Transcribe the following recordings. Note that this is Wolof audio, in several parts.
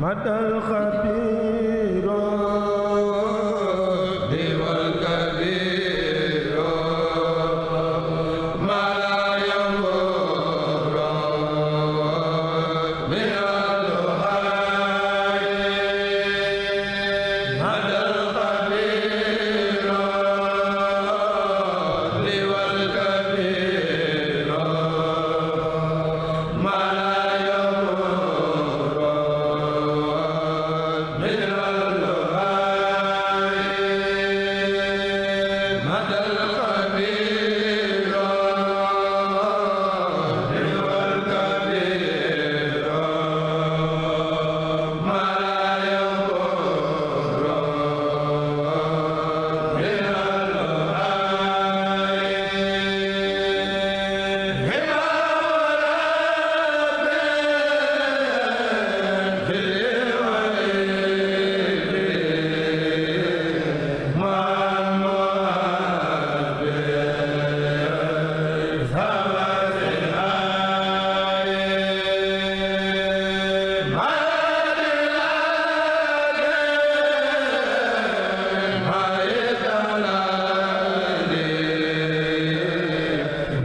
matal xabi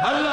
Allah